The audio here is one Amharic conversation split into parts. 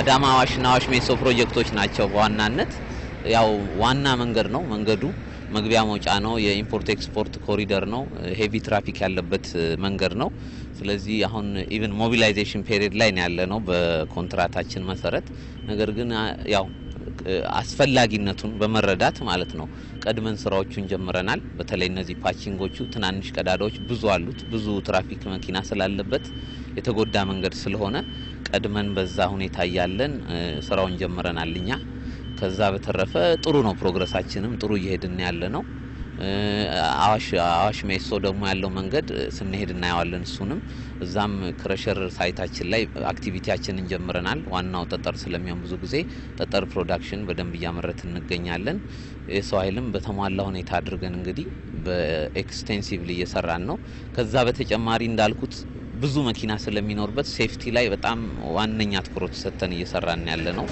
አዳማ አዋሽና አዋሽ ሜሶ ፕሮጀክቶች ናቸው በዋናነት ያው ዋና መንገድ ነው። መንገዱ መግቢያ መውጫ ነው። የኢምፖርት ኤክስፖርት ኮሪደር ነው። ሄቪ ትራፊክ ያለበት መንገድ ነው። ስለዚህ አሁን ኢቨን ሞቢላይዜሽን ፔሪድ ላይ ነው ያለ ነው በኮንትራታችን መሰረት። ነገር ግን ያው አስፈላጊነቱን በመረዳት ማለት ነው ቀድመን ስራዎቹን ጀምረናል። በተለይ እነዚህ ፓቺንጎቹ ትናንሽ ቀዳዳዎች ብዙ አሉት። ብዙ ትራፊክ መኪና ስላለበት የተጎዳ መንገድ ስለሆነ ቀድመን በዛ ሁኔታ እያለን ስራውን ጀምረናል እኛ። ከዛ በተረፈ ጥሩ ነው ፕሮግረሳችንም ጥሩ እየሄድን ያለ ነው። አዋሽ አዋሽ ሜሶ ደግሞ ያለው መንገድ ስንሄድ እናየዋለን። እሱንም እዛም ክረሸር ሳይታችን ላይ አክቲቪቲያችንን ጀምረናል። ዋናው ጠጠር ስለሚሆን ብዙ ጊዜ ጠጠር ፕሮዳክሽን በደንብ እያመረት እንገኛለን። የሰው ኃይልም በተሟላ ሁኔታ አድርገን እንግዲህ በኤክስቴንሲቭሊ እየሰራን ነው። ከዛ በተጨማሪ እንዳልኩት ብዙ መኪና ስለሚኖርበት ሴፍቲ ላይ በጣም ዋነኛ ትኩረት ሰጥተን እየሰራን ያለ ነው።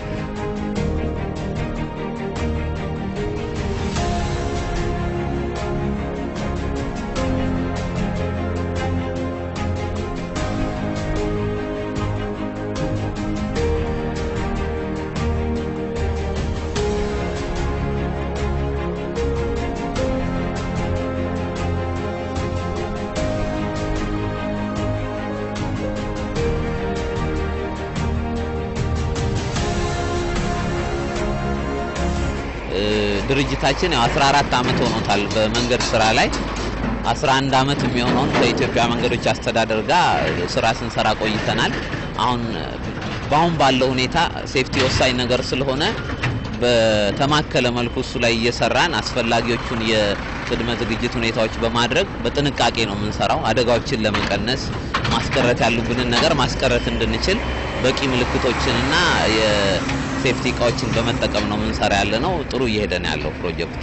ድርጅታችን ያው 14 ዓመት ሆኖታል በመንገድ ስራ ላይ 11 ዓመት የሚሆነውን ከኢትዮጵያ መንገዶች አስተዳደር ጋር ስራ ስንሰራ ቆይተናል። አሁን በአሁን ባለው ሁኔታ ሴፍቲ ወሳኝ ነገር ስለሆነ በተማከለ መልኩ እሱ ላይ እየሰራን አስፈላጊዎቹን የቅድመ ዝግጅት ሁኔታዎች በማድረግ በጥንቃቄ ነው የምንሰራው አደጋዎችን ለመቀነስ ማስቀረት ያሉብንን ነገር ማስቀረት እንድንችል በቂ ምልክቶችንና የሴፍቲ እቃዎችን በመጠቀም ነው ምንሰራ ያለ ነው። ጥሩ እየሄደን ያለው ፕሮጀክቱ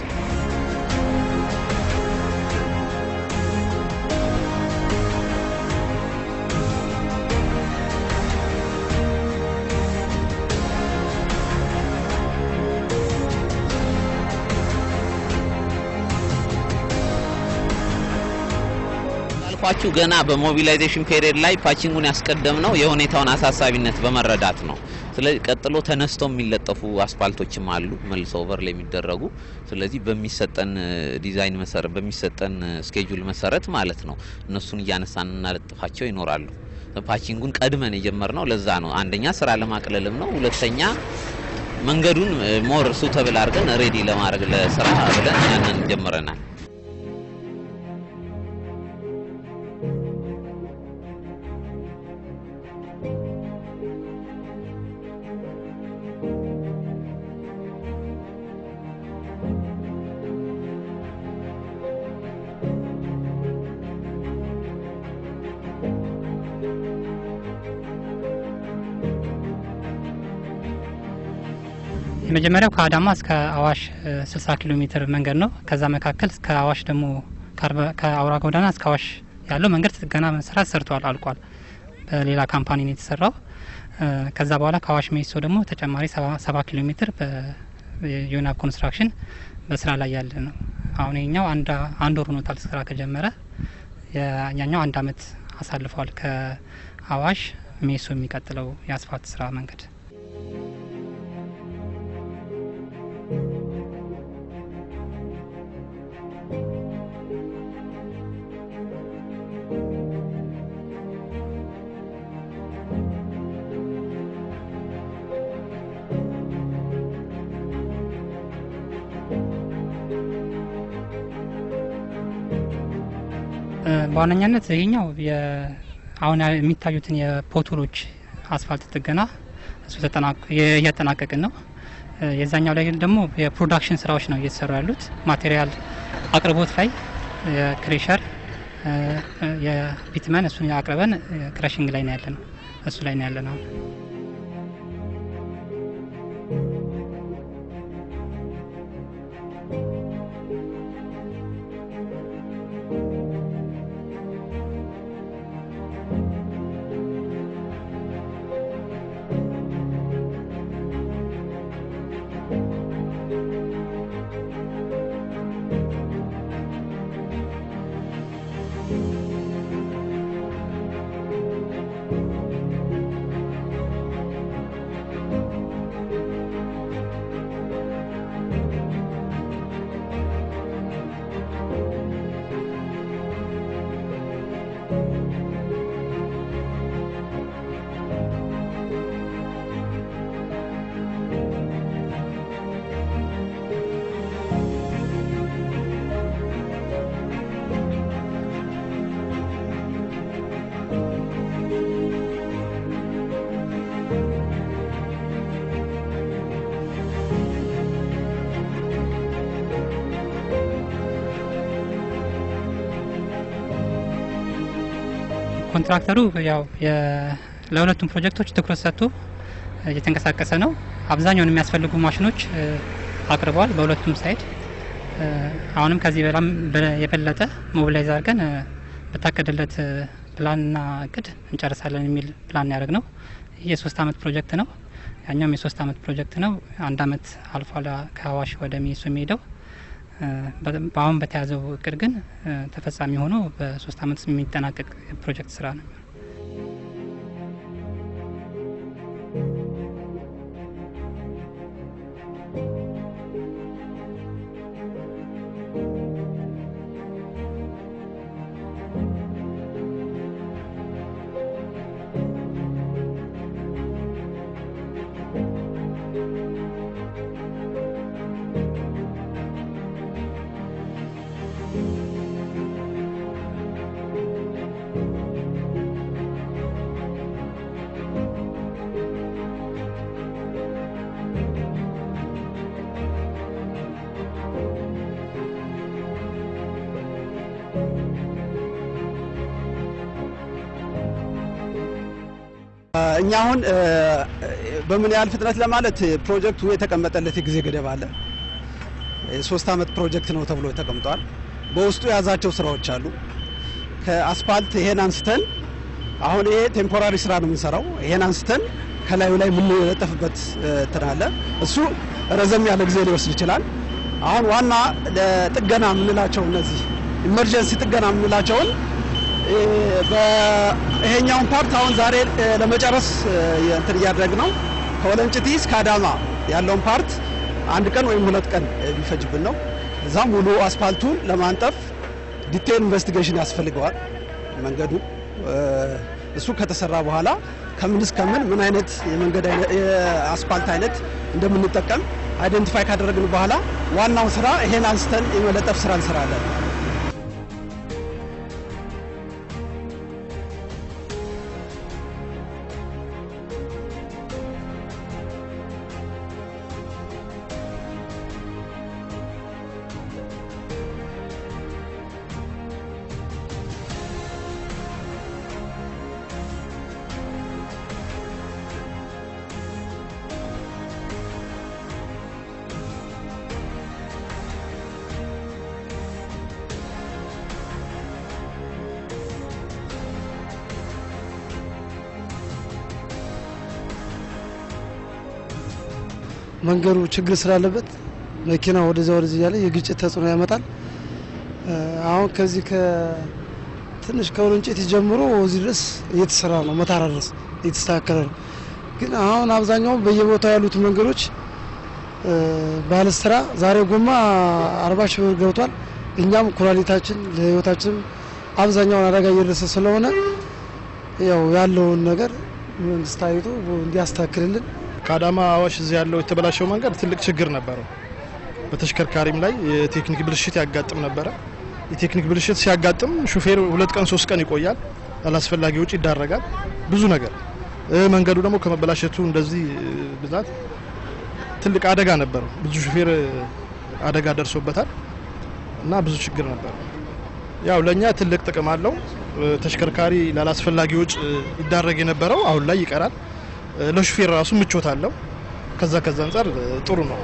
እንዳልኳችሁ ገና በሞቢላይዜሽን ፔሪየድ ላይ ፓቺንጉን ያስቀደም ነው የሁኔታውን አሳሳቢነት በመረዳት ነው። ስለዚህ ቀጥሎ ተነስተው የሚለጠፉ አስፋልቶችም አሉ መልሶ ኦቨር ላይ የሚደረጉ ስለዚህ በሚሰጠን ዲዛይን መሰረት በሚሰጠን ስኬጁል መሰረት ማለት ነው እነሱን እያነሳን እናለጥፋቸው ይኖራሉ። ፓቺንጉን ቀድመን የጀመርነው ለዛ ነው። አንደኛ ስራ ለማቅለልም ነው። ሁለተኛ መንገዱን ሞር ሱተብል አድርገን ሬዲ ለማድረግ ለስራ ብለን ያንን ጀምረናል። የመጀመሪያው ከአዳማ እስከ አዋሽ 60 ኪሎ ሜትር መንገድ ነው። ከዛ መካከል እስከ አዋሽ ደግሞ ከአውራ ጎዳና እስከ አዋሽ ያለው መንገድ ጥገና መስራት ሰርቷል፣ አልቋል። በሌላ ካምፓኒ ነው የተሰራው። ከዛ በኋላ ከአዋሽ ሜሶ ደግሞ ተጨማሪ 70 ኪሎ ሜትር በዩናብ ኮንስትራክሽን በስራ ላይ ያለ ነው። አሁን ይኛው አንድ ወር ሆኖታል ስራ ከጀመረ፣ ያኛው አንድ አመት አሳልፏል። ከአዋሽ ሜሶ የሚቀጥለው የአስፋልት ስራ መንገድ በዋነኛነት ይኛው አሁን የሚታዩትን የፖቶሎች አስፋልት ጥገና እሱ እያጠናቀቅን ነው። የዛኛው ላይ ደግሞ የፕሮዳክሽን ስራዎች ነው እየተሰሩ ያሉት። ማቴሪያል አቅርቦት ላይ የክሬሸር የቢትመን እሱን አቅርበን ክረሽንግ ላይ ነው ያለ ነው እሱ ላይ ነው ያለ ነው። ኮንትራክተሩ ያው ለሁለቱም ፕሮጀክቶች ትኩረት ሰጥቶ እየተንቀሳቀሰ ነው። አብዛኛውን የሚያስፈልጉ ማሽኖች አቅርበዋል በሁለቱም ሳይድ። አሁንም ከዚህ በላም የበለጠ ሞቢላይዝ አድርገን በታቀደለት ፕላንና እቅድ እንጨርሳለን የሚል ፕላን ያደረግ ነው። የሶስት አመት ፕሮጀክት ነው። ያኛውም የሶስት አመት ፕሮጀክት ነው። አንድ አመት አልፏል ከአዋሽ ወደ ሚኒሶ የሚሄደው በአሁን በተያዘው እቅድ ግን ተፈጻሚ ሆኖ በሶስት አመት የሚጠናቀቅ ፕሮጀክት ስራ ነው። እኛ አሁን በምን ያህል ፍጥነት ለማለት ፕሮጀክቱ የተቀመጠለት የጊዜ ገደብ አለ። ሶስት አመት ፕሮጀክት ነው ተብሎ ተቀምጧል። በውስጡ የያዛቸው ስራዎች አሉ። ከአስፓልት ይሄን አንስተን አሁን ይሄ ቴምፖራሪ ስራ ነው የምንሰራው። ይሄን አንስተን ከላዩ ላይ የምንለጠፍበት ትናለ እሱ ረዘም ያለ ጊዜ ሊወስድ ይችላል። አሁን ዋና ለጥገና የምንላቸው እነዚህ ኢመርጀንሲ ጥገና የምንላቸውን ይሄኛውን ፓርት አሁን ዛሬ ለመጨረስ እንትን እያደረግ ነው። ከወለንጭቲ እስከ አዳማ ያለውን ፓርት አንድ ቀን ወይም ሁለት ቀን ቢፈጅብን ነው። እዛም ሙሉ አስፓልቱን ለማንጠፍ ዲቴል ኢንቨስቲጌሽን ያስፈልገዋል። መንገዱ እሱ ከተሰራ በኋላ ከምን እስከምን ምን አይነት የመንገድ የአስፓልት አይነት እንደምንጠቀም አይደንቲፋይ ካደረግን በኋላ ዋናው ስራ ይሄን አንስተን የመለጠፍ ስራ እንሰራለን። መንገዱ ችግር ስላለበት መኪና ወደዚያ ወደዚህ እያለ የግጭት ተጽዕኖ ያመጣል። አሁን ከዚህ ከትንሽ ከወለንጭት ጀምሮ እዚህ ድረስ እየተሰራ ነው፣ መታራ ድረስ እየተስተካከለ ነው። ግን አሁን አብዛኛው በየቦታው ያሉት መንገዶች ባለስራ ዛሬ ጎማ አርባ ሺህ ብር ገብቷል። እኛም ኩላሊታችን ለህይወታችንም አብዛኛውን አደጋ እየደረሰ ስለሆነ ያው ያለውን ነገር መንግስት አይቶ እንዲያስተካክልልን ከአዳማ አዋሽ እዚህ ያለው የተበላሸው መንገድ ትልቅ ችግር ነበረው። በተሽከርካሪም ላይ የቴክኒክ ብልሽት ያጋጥም ነበረ። የቴክኒክ ብልሽት ሲያጋጥም ሹፌር ሁለት ቀን ሶስት ቀን ይቆያል፣ አላስፈላጊ ውጭ ይዳረጋል፣ ብዙ ነገር። መንገዱ ደግሞ ከመበላሸቱ እንደዚህ ብዛት ትልቅ አደጋ ነበረው። ብዙ ሹፌር አደጋ ደርሶበታል እና ብዙ ችግር ነበረ። ያው ለእኛ ትልቅ ጥቅም አለው። ተሽከርካሪ ላላስፈላጊ ውጭ ይዳረግ የነበረው አሁን ላይ ይቀራል። ለሹፌር ራሱ ምቾት አለው። ከዛ ከዛ አንጻር ጥሩ ነው።